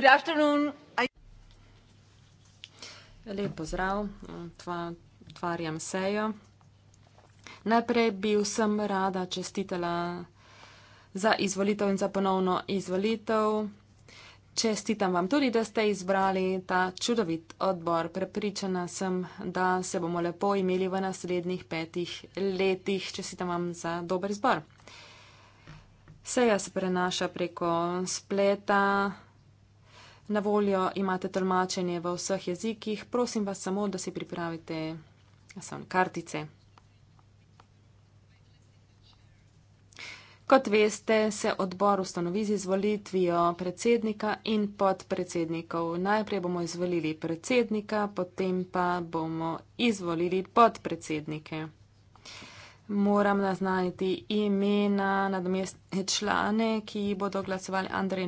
Good afternoon. Lep pozdrav, tvarjam sejo. Najprej bi vsem rada čestitela za izvolitev in za ponovno izvolitev. Čestitam vam tudi, da ste izbrali ta čudovit odbor. Prepričana sem, da se bomo lepo imeli v naslednjih petih letih. Čestitam vam za dober izbor. Seja se prenaša preko spleta. Na voljo imate tolmačenje v vseh jezikih, prosim vas samo, da si pripravite samo kartice. Kot veste, se odbor ustanovi z izvolitvijo predsednika in podpredsednikov. Najprej bomo izvolili predsednika, potem pa bomo izvolili podpredsednike moram naznaniti imena nadomestne člane, ki bodo glasovali Andrej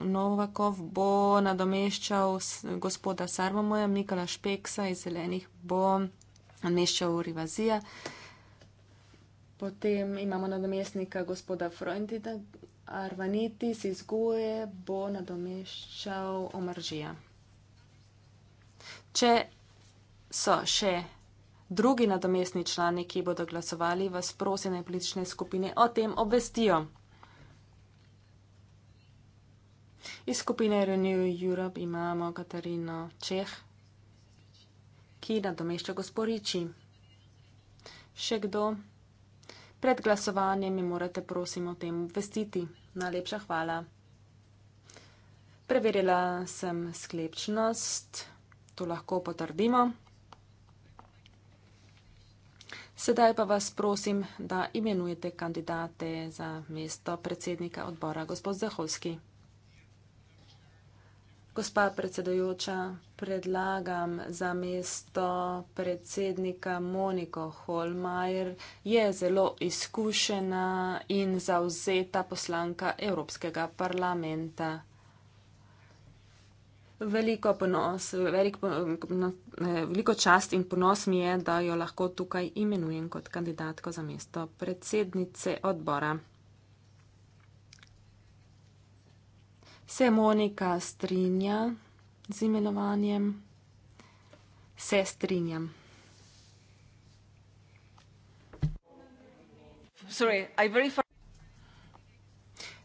Novakov, bo nadomeščal gospoda Sarvomoja, Mikola Špeksa iz Zelenih, bo nadomeščal Rivazija. Potem imamo nadomestnika gospoda Freundita, Arvanitis iz Goje bo nadomeščal Omaržija. Če so še drugi nadomestni člani, ki bodo glasovali v sprosjene politične skupine, o tem obvestijo. Iz skupine Renew Europe imamo Katarino Čeh, ki nadomešča gosporiči. Še kdo? Pred glasovanjem mi morate prosim o tem obvestiti. Najlepša hvala. Preverila sem sklepčnost, to lahko potrdimo. Sedaj pa vas prosim, da imenujete kandidate za mesto predsednika odbora, gospod Zahovski. Gospa predsedojoča, predlagam za mesto predsednika Moniko Holmajer, je zelo izkušena in zauzeta poslanka Evropskega parlamenta. Veliko ponos, velik, no, eh, veliko čast in ponos mi je, da jo lahko tukaj imenujem kot kandidatko za mesto predsednice odbora. Se Monika strinja z imenovanjem? Se strinjam. Sorry,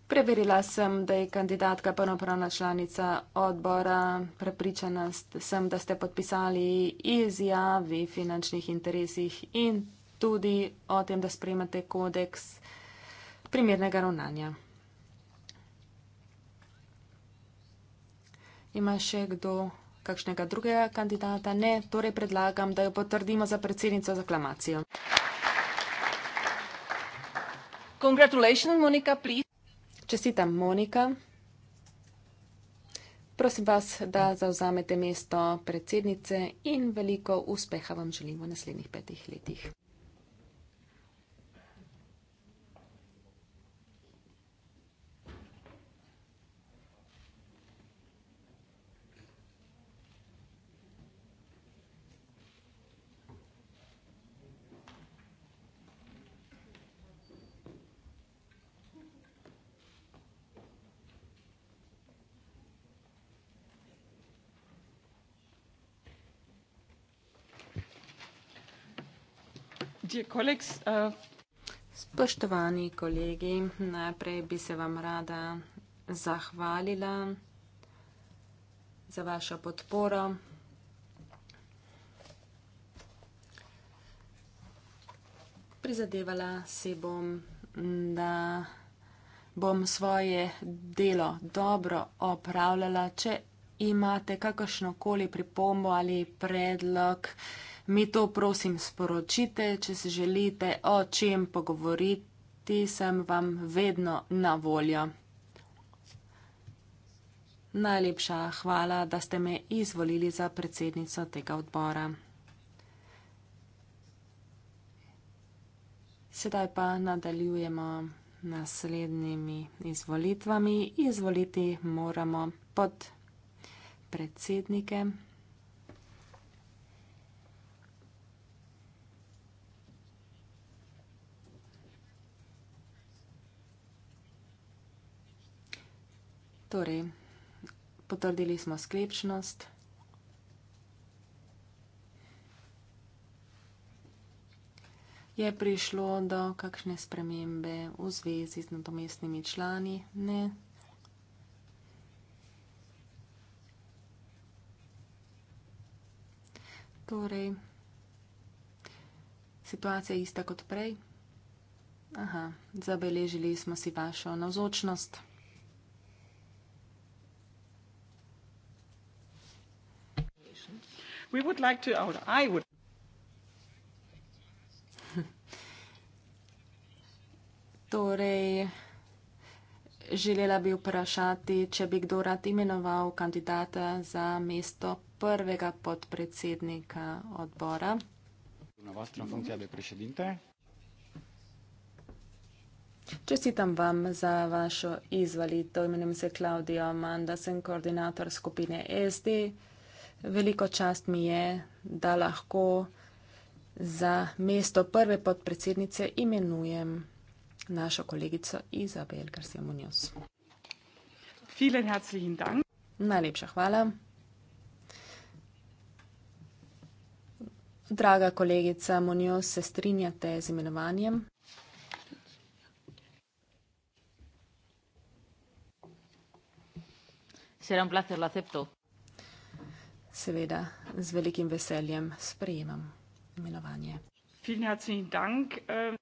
Preverila sem, da je kandidatka prvopravna članica odbora. Prepričana sem, da ste podpisali izjavi o finančnih interesih in tudi o tem, da sprejmate kodeks primernega ravnanja. Ima še kdo kakšnega drugega kandidata? Ne, torej predlagam, da jo potrdimo za predsednico z aklamacijo. Congratulations, Monika, please. Čestitam, Monika. Prosim vas, da zauzamete mesto predsednice in veliko uspeha vam želim v naslednjih petih letih. Uh, Spoštovani kolegi, najprej bi se vam rada zahvalila za vašo podporo. Prizadevala si bom, da bom svoje delo dobro opravljala. Če imate kakršnokoli pripombo ali predlog, mi to prosim sporočite, če se želite o čem pogovoriti, sem vam vedno na voljo. Najlepša hvala, da ste me izvolili za predsednico tega odbora. Sedaj pa nadaljujemo naslednjimi izvolitvami. Izvoliti moramo pod predsednike. Torej, potrdili smo sklepčnost. Je prišlo do kakšne spremembe v zvezi z nadomestnimi člani? Ne. Torej, situacija je ista kot prej. Aha, zabeležili smo si vašo navzočnost. We would like to, or I would. torej, želela bi vprašati, če bi kdo rad imenoval kandidata za mesto prvega podpredsednika odbora. Na vašo funkcijo, da presedite. Čestitam vam za vašo izvalitev. Imenujem se Klaudija Manda, sem koordinator skupine SD. Veliko čast mi je, da lahko za mesto prve podpredsednice imenujem našo kolegico Izabel Garcia Munoz. Najlepša hvala. Draga kolegica Munoz, se strinjate z imenovanjem? Será un placer, lo acepto seveda z velikim veseljem sprejemam imenovanje. Ähm.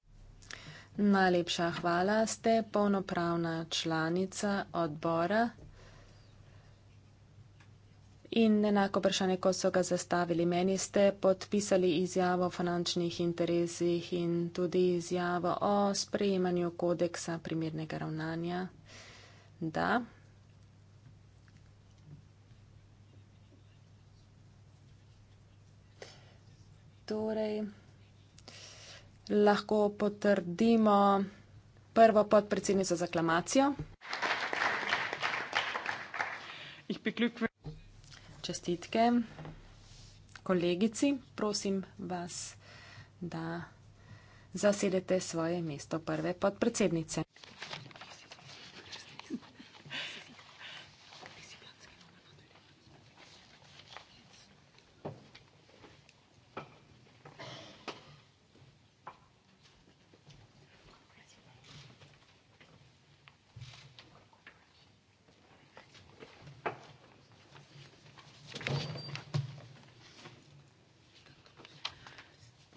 Najlepša hvala. Ste polnopravna članica odbora. In enako vprašanje, kot so ga zastavili meni, ste podpisali izjavo o finančnih interesih in tudi izjavo o sprejemanju kodeksa primernega ravnanja. Da, torej lahko potrdimo prvo podpredsednico za aklamacijo. Čestitke kolegici, prosim vas, da zasedete svoje mesto prve podpredsednice.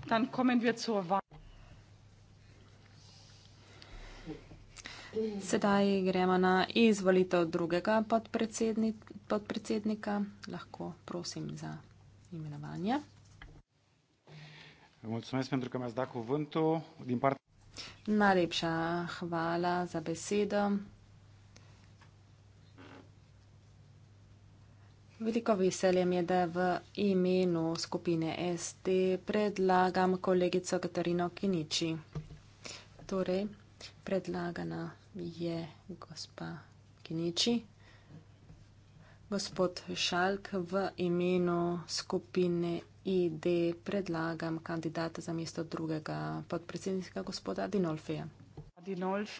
Dann kommen wir zur Wahl. Sedaj gremo na izvolitev drugega podpredsednik, podpredsednika. Lahko prosim za imenovanje. Najlepša hvala za besedo. Veliko veselje mi je, da v imenu skupine SD predlagam kolegico Katarino Kiniči. Torej, predlagana je gospa Kiniči. Gospod Šalk, v imenu skupine ID predlagam kandidata za mesto drugega podpredsednika gospoda Adinolfija. Adinolf.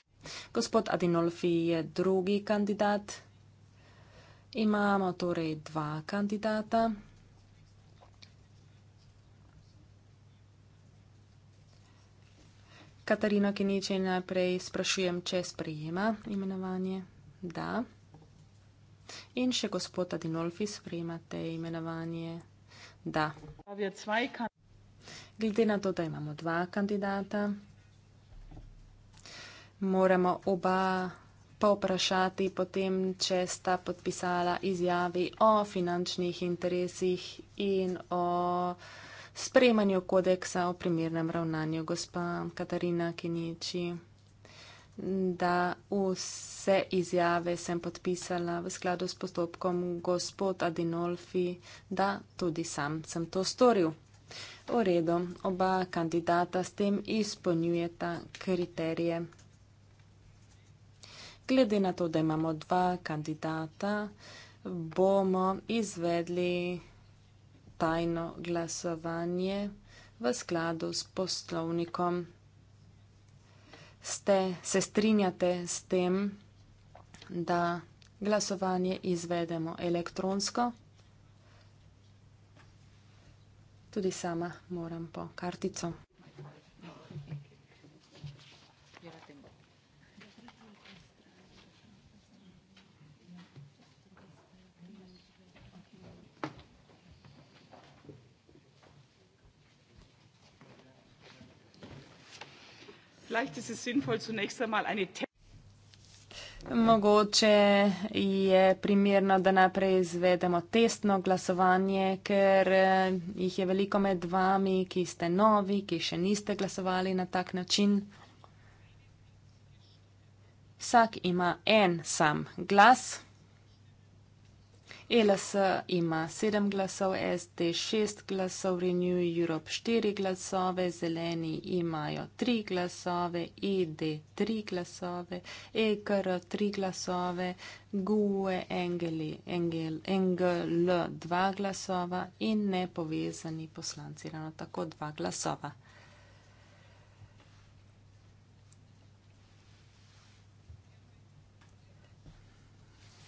Gospod Adinolfi je drugi kandidat. Imamo torej dva kandidata. Katarino Kenjiče najprej sprašujem, če sprejema imenovanje. Da. In še gospod Adinolfi, sprejemate imenovanje? Da. Glede na to, da imamo dva kandidata, moramo oba povprašati potem, če sta podpisala izjavi o finančnih interesih in o spremanju kodeksa o primernem ravnanju, gospa Katarina Kiniči, da vse izjave sem podpisala v skladu s postopkom gospod Adinolfi, da tudi sam sem to storil. V redu, oba kandidata s tem izpolnjujeta kriterije glede na to, da imamo dva kandidata, bomo izvedli tajno glasovanje v skladu s poslovnikom. Ste, se strinjate s tem, da glasovanje izvedemo elektronsko? Tudi sama moram po kartico. vielleicht ist es sinnvoll, zunächst einmal eine Mogoče je primerno, da najprej izvedemo testno glasovanje, ker eh, jih je veliko med vami, ki ste novi, ki še niste glasovali na tak način. Vsak ima en sam glas. E LS ima sedem glasov, SD šest glasov, Renew Europe štiri glasove, zeleni imajo tri glasove, ED tri glasove, EKR tri glasove, GUE Engeli, Engel, Engel dva glasova in nepovezani poslanci ravno tako dva glasova.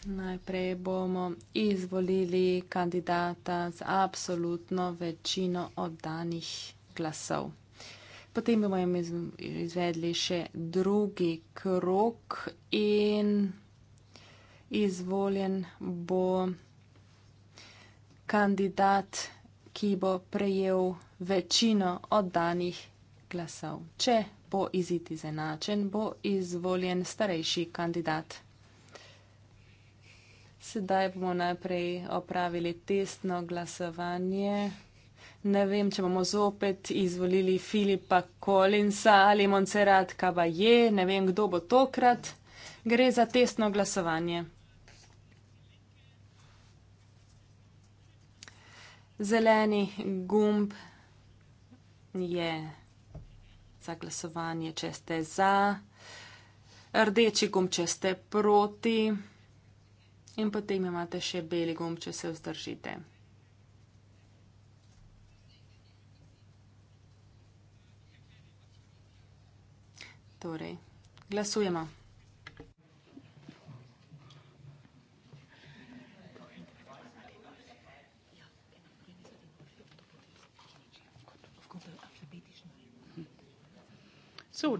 Najprej bomo izvolili kandidata z absolutno večino oddanih glasov. Potem bomo izvedli še drugi krok in izvoljen bo kandidat, ki bo prejel večino oddanih glasov. Če bo izid izenačen, bo izvoljen starejši kandidat. Sedaj bomo najprej opravili testno glasovanje. Ne vem, če bomo zopet izvolili Filipa Kolinsa ali Montserrat Caballé, ne vem, kdo bo tokrat. Gre za testno glasovanje. Zeleni gumb je za glasovanje, če ste za, rdeči gumb, če ste proti in potem imate še beli gumb, če se vzdržite. Torej, glasujemo. So,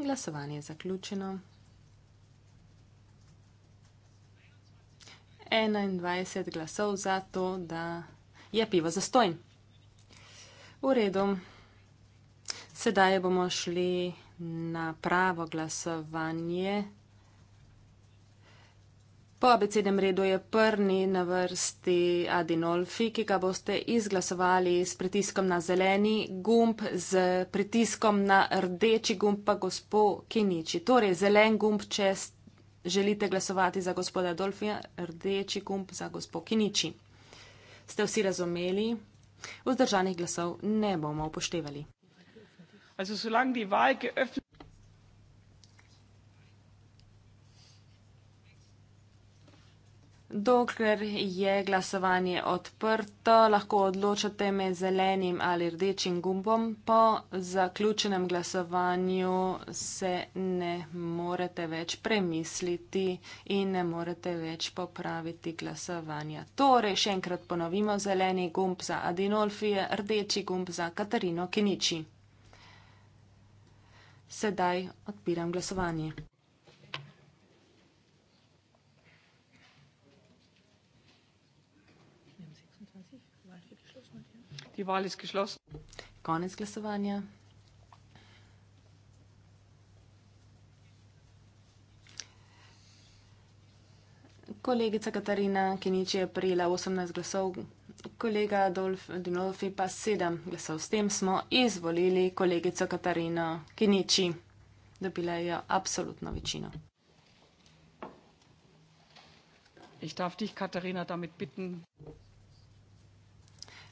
Glasovanje je zaključeno. 21 glasov za to, da je pivo zastojn. V redu. Sedaj bomo šli na pravo glasovanje. Po abecednem redu je prni na vrsti Adinolfi, ki ga boste izglasovali s pritiskom na zeleni gumb, z pritiskom na rdeči gumb pa gospod Kiniči. Torej, zelen gumb, če ste želite glasovati za gospoda Dolfija, rdeči kump za gospo Kiniči. Ste vsi razumeli? Vzdržanih glasov ne bomo upoštevali. Also, Dokler je glasovanje odprto, lahko odločate med zelenim ali rdečim gumbom. Po zaključenem glasovanju se ne morete več premisliti in ne morete več popraviti glasovanja. Torej, še enkrat ponovimo, zeleni gumb za Adinolfi, rdeči gumb za Katarino Kiniči. Sedaj odpiram glasovanje. Živalski šlos. Konec glasovanja. Kolegica Katarina Kenič je prijela 18 glasov, kolega Dolf Dinolfi pa 7 glasov. S tem smo izvolili kolegico Katarino Keniči. Dobila je absolutno večino. Ich darf dich, Katarina, damit bitten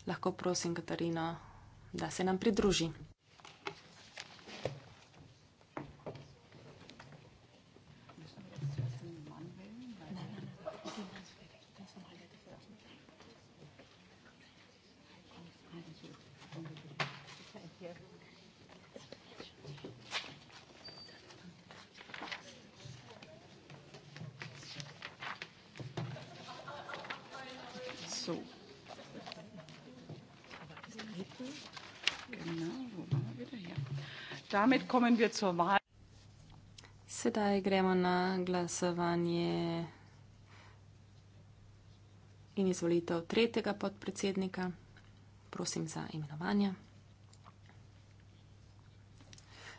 lahko prosim Katarino, da se nam pridruži. Damit kommen wir zur Wahl. Sedaj gremo na glasovanje in izvolitev tretjega podpredsednika. Prosim za imenovanje.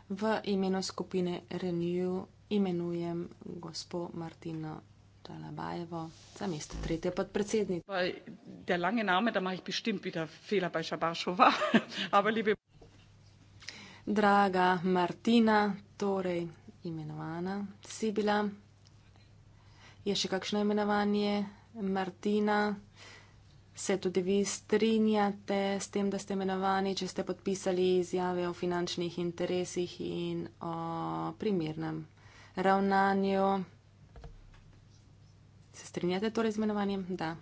V imenu skupine Renew imenujem gospo Martino Dalabajevo za mesto tretje podpredsednika. Draga Martina, torej imenovana si bila. Je še kakšno imenovanje Martina? Se tudi vi strinjate s tem, da ste imenovani, če ste podpisali izjave o finančnih interesih in o primernem ravnanju? Se strinjate torej z imenovanjem? Da.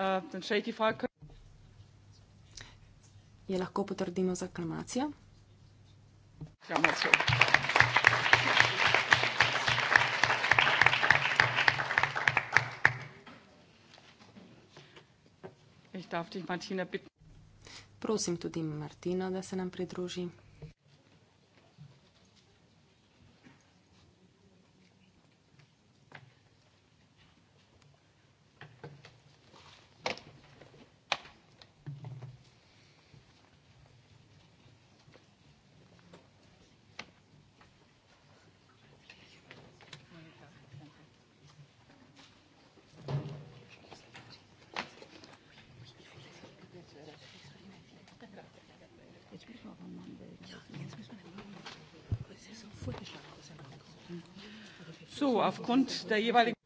Uh, je lahko potrdimo z aklamacijo? Kramarcev. Prosim tudi Martino, da se nam pridruži. Ja, er so, aufgrund der jeweiligen.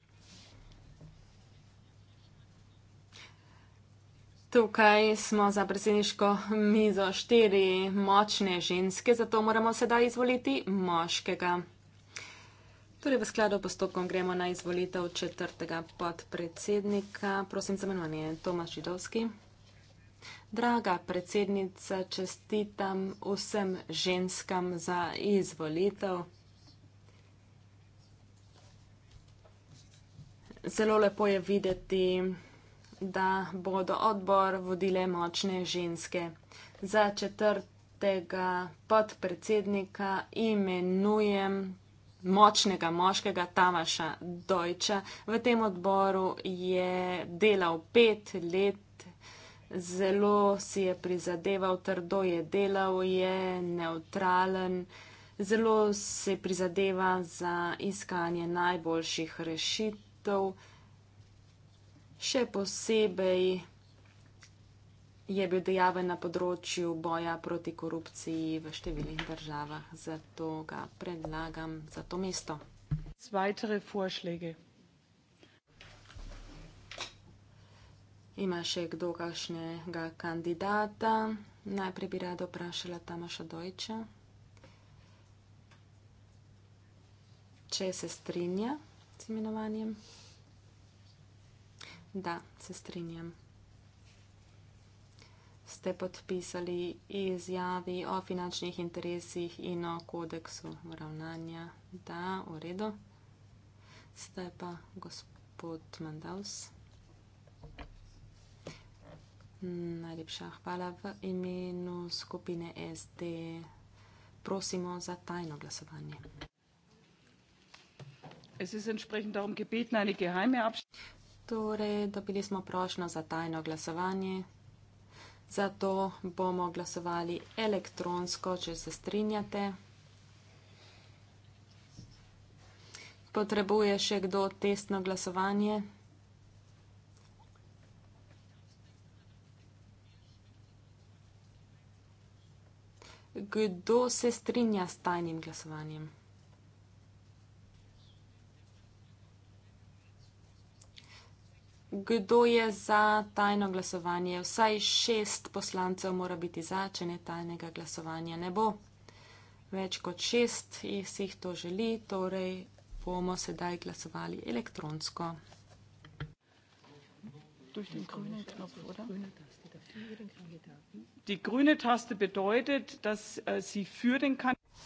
Tukaj smo za predsedniško mizo štiri močne ženske, zato moramo sedaj izvoliti moškega. Torej, v skladu postopkom gremo na izvolitev četrtega podpredsednika. Prosim za imenovanje Tomaš Židovski. Draga predsednica, čestitam vsem ženskam za izvolitev. Zelo lepo je videti, da bodo odbor vodile močne ženske. Za četrtega podpredsednika imenujem močnega moškega Tamaša Dojča. V tem odboru je delal pet let, zelo si je prizadeval, trdo je delal, je neutralen, zelo se prizadeva za iskanje najboljših rešitev. Še posebej je bil dejaven na področju boja proti korupciji v številnih državah, zato ga predlagam za to mesto. Zvajtere foršlege. Ima še kdo kakšnega kandidata? Najprej bi rada vprašala Tamaša Dojča. Če se strinja s imenovanjem? Da, se strinjam. Ste podpisali izjavi o finančnih interesih in o kodeksu ravnanja? Da, v redu. Zdaj pa gospod Mandaus. Najlepša hvala v imenu skupine SD. Prosimo za tajno glasovanje. Torej, dobili smo prošno za tajno glasovanje. Zato bomo glasovali elektronsko, če se strinjate. Potrebuje še kdo testno glasovanje? kdo se strinja s tajnim glasovanjem? Kdo je za tajno glasovanje? Vsaj šest poslancev mora biti za, če ne tajnega glasovanja ne bo. Več kot šest jih to želi, torej bomo sedaj glasovali elektronsko. Durch den grünen Knopf, oder? Grüne Taste. Die grüne Taste bedeutet, dass äh, Sie für den Kandidaten.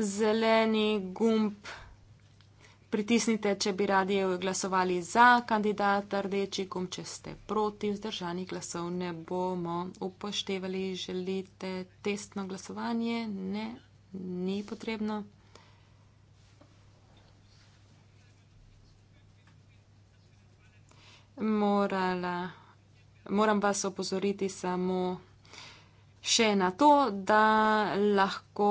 Zeleni Gump. Pritisnite, če bi radi glasovali za kandidata, rdeči gum, če ste proti, vzdržani glasov ne bomo upoštevali. Želite testno glasovanje? Ne, ni potrebno. Morala moram vas opozoriti samo še na to, da lahko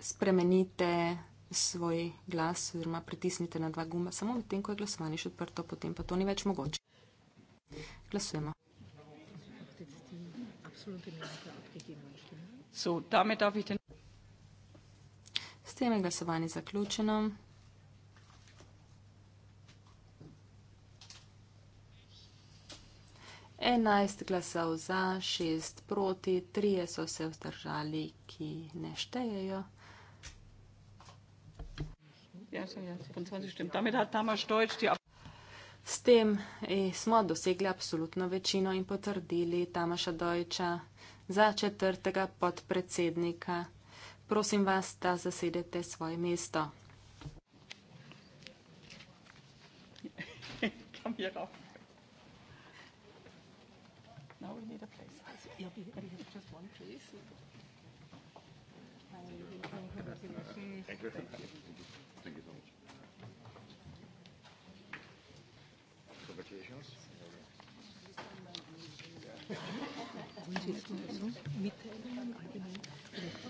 spremenite svoj glas oziroma pritisnite na dva gumba samo medtem, ko je glasovanje še odprto, potem pa to ni več mogoče. Glasujemo. S tem je glasovanje zaključeno. 11 glasov za, 6 proti, 3 so se vzdržali, ki ne štejejo. Ja, ja, ja, S tem e, smo dosegli absolutno večino in potrdili Tamaša Dojča za četrtega podpredsednika. Prosim vas, da zasedete svoje mesto. Kam je rok? Now we need a place. So you'll be, you have just one place. Thank you. Thank you. Thank you. Thank you so much. Congratulations. Wollen Sie es mitteilen, allgemein,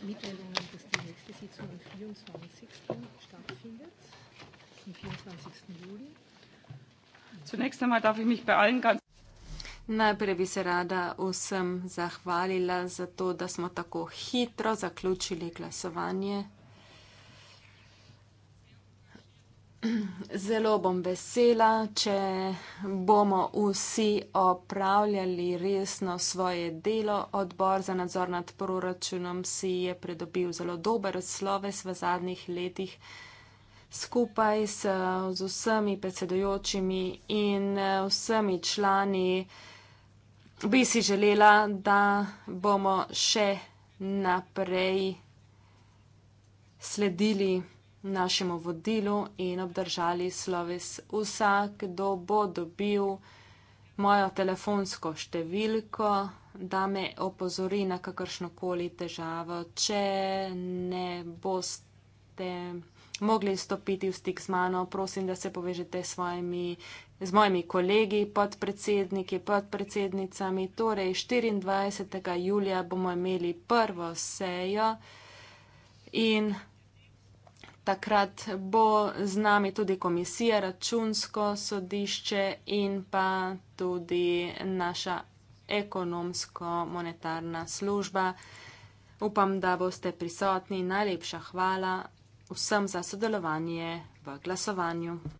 mitteilen, dass die nächste Sitzung am 24. stattfindet, am 24. Juli? Zunächst einmal darf ich mich bei allen ganz Najprej bi se rada vsem zahvalila za to, da smo tako hitro zaključili glasovanje. Zelo bom vesela, če bomo vsi opravljali resno svoje delo. Odbor za nadzor nad proračunom si je pridobil zelo dober sloves v zadnjih letih skupaj s, z vsemi predsedojočimi in eh, vsemi člani bi si želela, da bomo še naprej sledili našemu vodilu in obdržali sloves vsak, kdo bo dobil mojo telefonsko številko, da me opozori na kakršnokoli težavo, če ne boste mogli stopiti v stik z mano, prosim, da se povežete s svojimi z mojimi kolegi, podpredsedniki, podpredsednicami. Torej, 24. julija bomo imeli prvo sejo in takrat bo z nami tudi komisija, računsko sodišče in pa tudi naša ekonomsko-monetarna služba. Upam, da boste prisotni. Najlepša hvala vsem za sodelovanje v glasovanju.